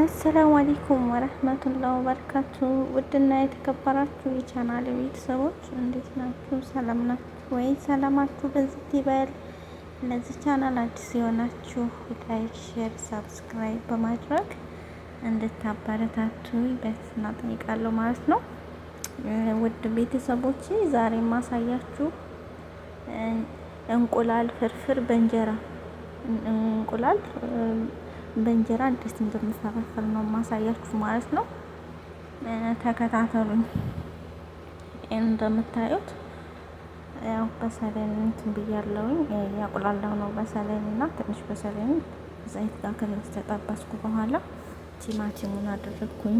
አሰላሙ አሌይኩም ወረህመቱላህ ወበረካቱ። ውድና የተከበራችሁ የቻናል ቤተሰቦች እንዴት ናችሁ? ሰላም ናችሁ ወይ? ሰላማችሁ በዚህ ይበል። ለዚህ ቻናል አዲስ የሆናችሁ ላይክ፣ ሼር፣ ሳብስክራይብ በማድረግ እንድታበረታቱ በትህትና እጠይቃለሁ ማለት ነው። ውድ ቤተሰቦች ዛሬ ማሳያችሁ እንቁላል ፍርፍር በእንጀራ እንቁላል በእንጀራ እንዴት እንደምፈለፍል ነው ማሳያችሁ ማለት ነው። ተከታተሉኝ። እንደምታዩት ያው በሰሌን እንትን ብያለሁኝ ነው በሰሌን እና ትንሽ በሰሌን ዘይት ጋር ከተጠበስኩ በኋላ ቲማቲሙን አደረግኩኝ።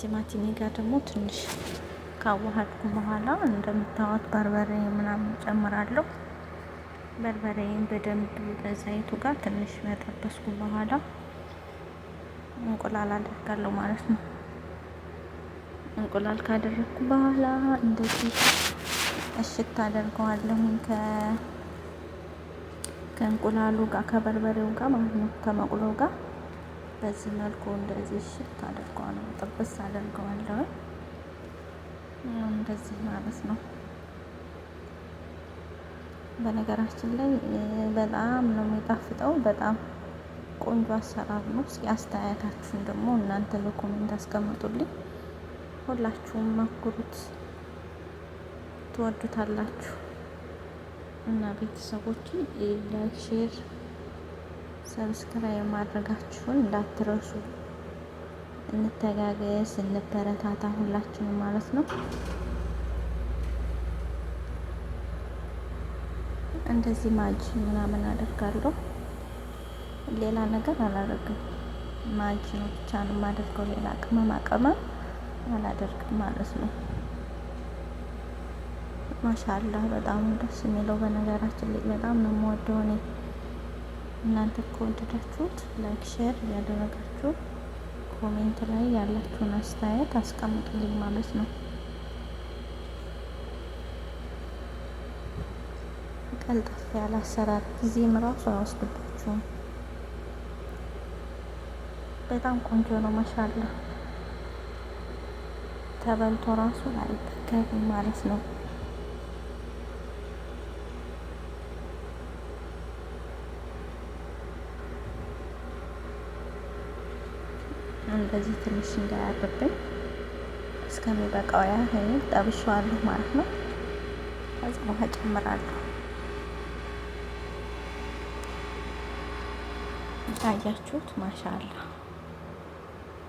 ቲማቲሜ ጋር ደግሞ ትንሽ ካዋሃድኩ በኋላ እንደምታዩት በርበሬ ምናምን ጨምራለሁ። በርበሬን በደንብ በዘይቱ ጋር ትንሽ መጠበስኩ በኋላ እንቁላል አደርጋለሁ ማለት ነው። እንቁላል ካደረግኩ በኋላ እንደዚህ እሽት አደርገዋለሁ ከ ከእንቁላሉ ጋር ከበርበሬው ጋር ማለት ነው ከመቁሎው ጋር በዚህ መልኩ እንደዚህ እሽት አደርገዋለሁ፣ ጥብስ አደርገዋለሁ እንደዚህ ማለት ነው። በነገራችን ላይ በጣም ነው የሚጣፍጠው። በጣም ቆንጆ አሰራር ነው። እስኪ አስተያየታችሁን ደግሞ እናንተ በኮሜንት አስቀምጡልኝ። ሁላችሁም መኩሩት፣ ትወዱታላችሁ እና ቤተሰቦች ላይክ፣ ሼር፣ ሰብስክራይብ ማድረጋችሁን እንዳትረሱ። እንተጋገስ፣ እንበረታታ ሁላችንም ማለት ነው። እንደዚህ ማጅ ምናምን አደርጋለሁ። ሌላ ነገር አላደርግም። ማጅ ነው ብቻ ነው የማደርገው። ሌላ ቅመማ ቅመም አላደርግም ማለት ነው። ማሻላ በጣም ደስ የሚለው በነገራችን ላይ በጣም ነው የምወደው እኔ። እናንተ ከወደዳችሁት ላይክ፣ ሼር እያደረጋችሁ ኮሜንት ላይ ያላችሁን አስተያየት አስቀምጡልኝ ማለት ነው። ቀልጠፍ ያለ አሰራር ጊዜም ራሱ አያወስድባችሁም። በጣም ቆንጆ ነው። ማሻላ ተበልቶ ራሱ አይጠገብም ማለት ነው። እንደዚህ ትንሽ እንዳያርብብኝ እስከሚበቃው ያህል ጠብሸዋለሁ ማለት ነው። ከዛ ውሃ ጨምራለሁ። እንዳያችሁት ማሻላ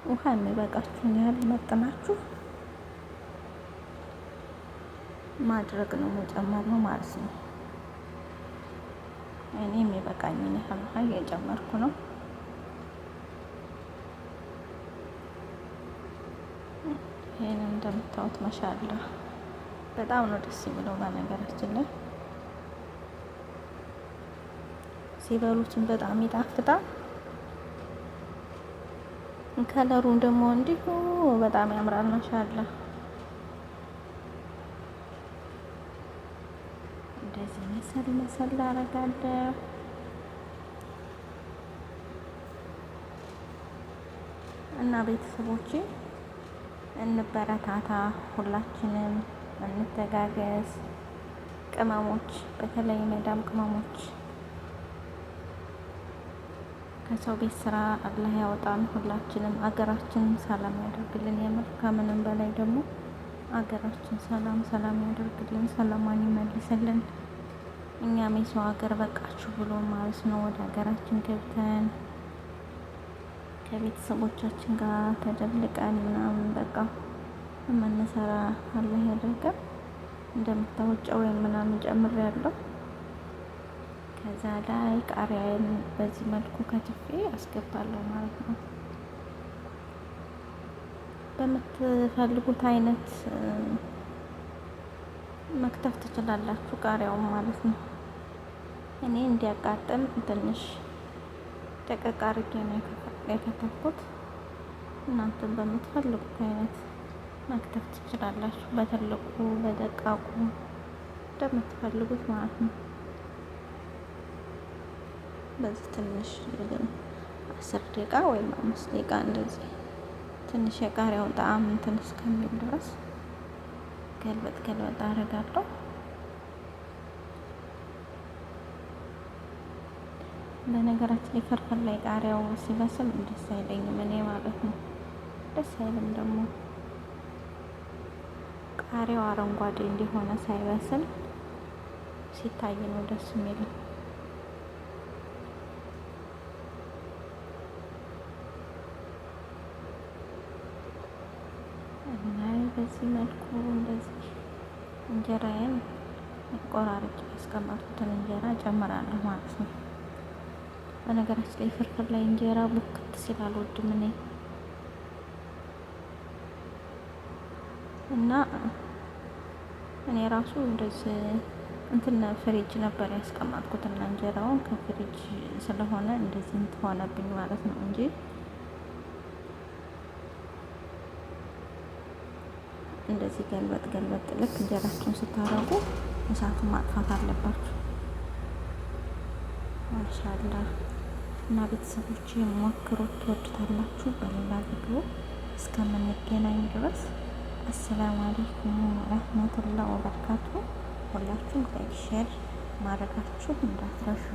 ውሃ የሚበቃችሁን ያህል መጥናችሁ ማድረግ ነው መጨመር ነው ማለት ነው። እኔ የሚበቃኝን ያህል ውሃ እየጨመርኩ ነው። ይህን እንደምታዩት ማሻላ በጣም ነው ደስ የሚለው በነገራችን ላይ ሲበሉትን በጣም ይጣፍጣል። ከለሩ ደግሞ እንዲሁ በጣም ያምራል። ማሻአላ እንደዚህ መሰል መሰል አረጋለሁ። እና ቤተሰቦች እንበረታታ፣ ሁላችንም እንተጋገዝ። ቅመሞች በተለይ መዳም ቅመሞች ከሰው ቤት ስራ አላህ ያወጣን። ሁላችንም አገራችንን ሰላም ያደርግልን። የምር ከምንም በላይ ደግሞ አገራችን ሰላም ሰላም ያደርግልን፣ ሰላማን ይመልስልን። እኛም የሰው ሀገር በቃችሁ ብሎ ማለት ነው ወደ ሀገራችን ገብተን ከቤተሰቦቻችን ጋር ተደብልቀን ምናምን በቃ የምንሰራ አላህ ያደርገን። እንደምታወጫው ወይም ምናምን ጨምር ያለው ከዛ ላይ ቃሪያን በዚህ መልኩ ከትፌ አስገባለሁ ማለት ነው። በምትፈልጉት አይነት መክተፍ ትችላላችሁ፣ ቃሪያውን ማለት ነው። እኔ እንዲያቃጥል ትንሽ ደቀቅ አድርጌ ነው የከተፍኩት። እናንተም በምትፈልጉት አይነት መክተፍ ትችላላችሁ፣ በትልቁ በደቃቁ እንደምትፈልጉት ማለት ነው። በዚህ ትንሽ አስር ደቂቃ ወይም አምስት ደቂቃ እንደዚህ ትንሽ የቃሪያውን ጣዕም እንትን እስከሚል ድረስ ገልበጥ ገልበጥ አደርጋለሁ። በነገራችን ላይ ፍርፍር ላይ ቃሪያው ሲበስል ደስ አይለኝም እኔ ማለት ነው። ደስ አይልም ደግሞ ቃሪያው አረንጓዴ እንዲሆነ ሳይበስል ሲታይ ነው ደስ የሚለው። በዚህ መልኩ እንደዚህ እንጀራዬን ቆራርጬ ያስቀመጥኩትን እንጀራ ጨምራለሁ ማለት ነው። በነገራችን ላይ ፍርፍር ላይ እንጀራ ቡክት ሲል አልወድም እኔ እና እኔ ራሱ እንደዚህ እንትን ፍሪጅ ነበር ያስቀመጥኩትና እንጀራውን ከፍሪጅ ስለሆነ እንደዚህ እንትን ማለት ነው እንጂ እንደዚህ ገልበጥ ገልበጥ ልክ እንጀራችሁን ስታረጉ እሳቱን ማጥፋት አለባችሁ። ማሻላ እና ቤተሰቦች ሞክሮት ትወዱታላችሁ። በሌላ ቪዲዮ እስከምንገናኝ ድረስ አሰላሙ አለይኩም ረህመቱላ ወበረካቱ። ሁላችሁም ላይክ፣ ሼር ማድረጋችሁ እንዳትረሱ።